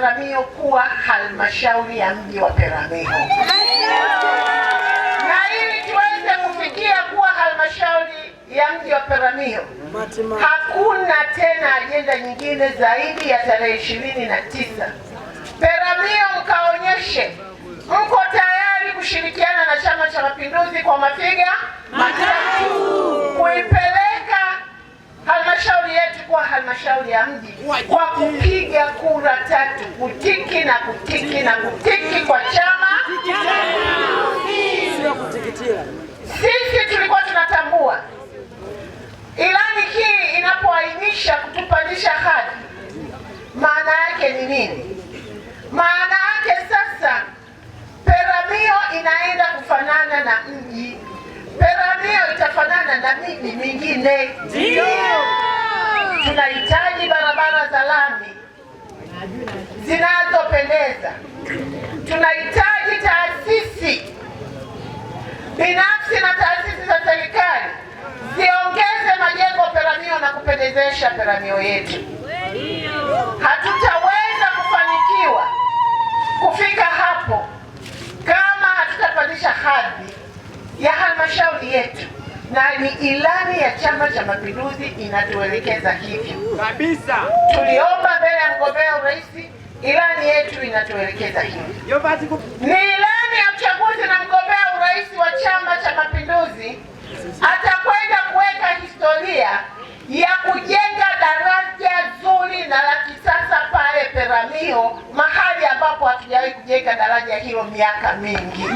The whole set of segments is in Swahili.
Peramiho kuwa halmashauri ya mji wa Peramiho na ili tuweze kufikia kuwa halmashauri ya mji wa Peramiho, hakuna tena ajenda nyingine zaidi ya tarehe ishirini na tisa. Peramiho mkaonyeshe mko tayari kushirikiana na Chama cha Mapinduzi kwa mafiga halmashauri ya mji kwa kupiga kura tatu, kutiki na kutiki na kutiki kwa chama. Sisi tulikuwa tunatambua ilani hii inapoainisha kutupandisha hadhi, maana yake ni nini? Maana yake sasa Peramio inaenda kufanana na mji, Peramio itafanana na miji mingine tunahitaji barabara za lami zinazopendeza, tunahitaji taasisi binafsi na taasisi za serikali ziongeze majengo peramio na kupendezesha peramio yetu na ni ilani ya Chama cha Mapinduzi inatuelekeza hivyo kabisa. Tuliomba mbele ya mgombea urais, ilani yetu inatuelekeza hivyo. Ni ilani ya uchaguzi na mgombea urais wa Chama cha Mapinduzi atakwenda kuweka historia ya kujenga daraja zuri na la kisasa pale Peramiho, mahali ambapo hatujawahi kujenga daraja hilo miaka mingi.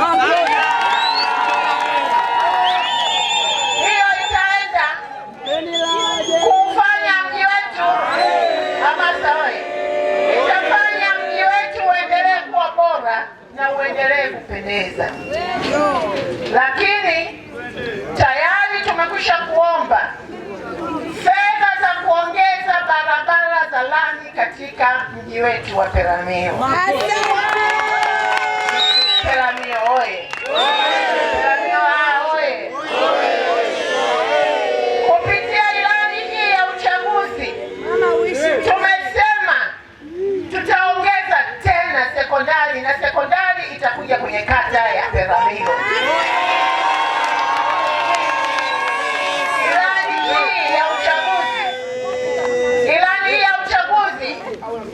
na uendelee kupendeza. Lakini tayari tumekwisha kuomba fedha za kuongeza barabara za lami katika mji wetu wa Peramiho. kwenye kata ya Peramiho. Ilani hii ya uchaguzi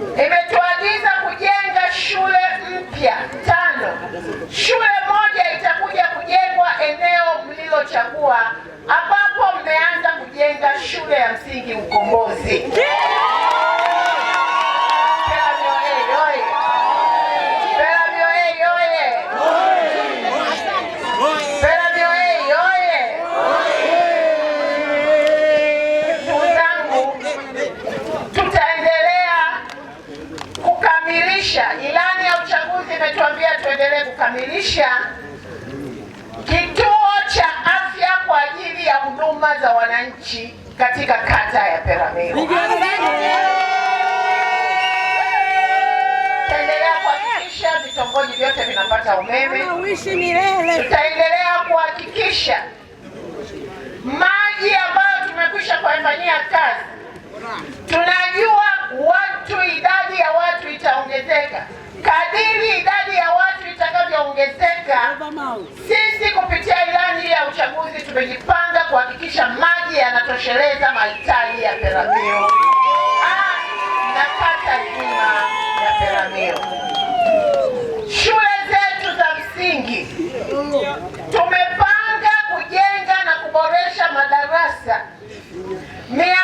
imetuagiza kujenga shule mpya tano. Shule moja itakuja kujengwa eneo mlilochagua, ambapo mmeanza kujenga shule ya msingi Ukombozi. tuendelee kukamilisha kituo cha afya kwa ajili ya huduma za wananchi katika kata ya Peramiho. Tutaendelea kuhakikisha vitongoji vyote vinapata umeme. Tutaendelea kuhakikisha maji ambayo tumekwisha kuyafanyia kazi, tunajua watu, idadi ya watu itaongezeka. Sisi kupitia ilani ya uchaguzi tumejipanga kuhakikisha maji yanatosheleza mahitaji ya Peramiho ah, na kata nzima ya Peramiho. Shule zetu za msingi tumepanga kujenga na kuboresha madarasa mia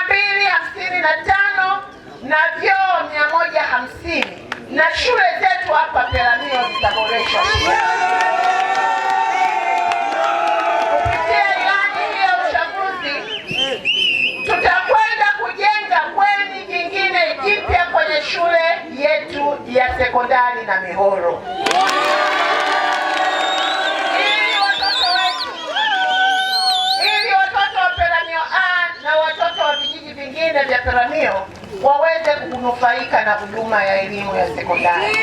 na tano na vyoo mia hamsini na shule zetu hapa Peramiho zitaboreshwa. sekondari na mihoro ili watoto wetu, ili watoto wa Peramiho A na watoto wa vijiji vingine vya Peramiho waweze kunufaika na huduma ya elimu ya sekondari.